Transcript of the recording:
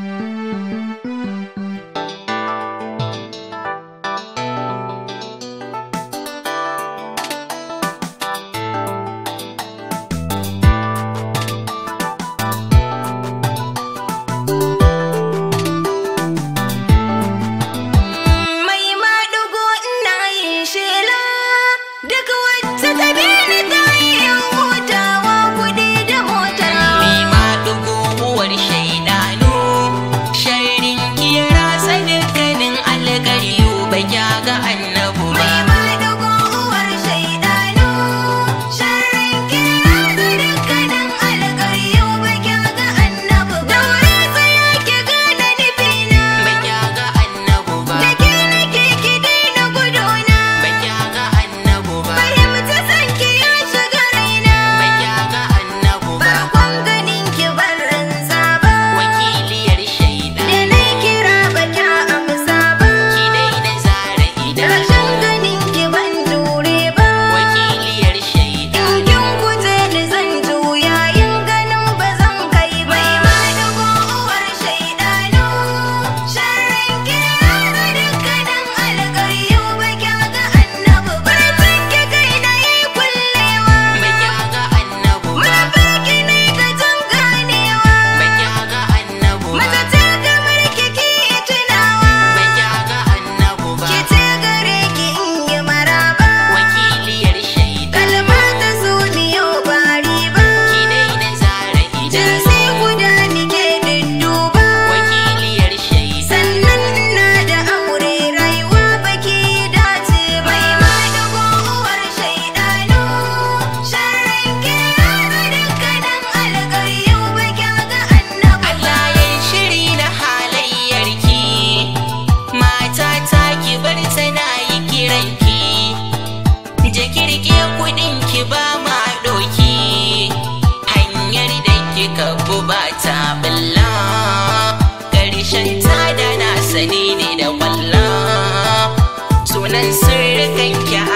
Thank you. think, yeah.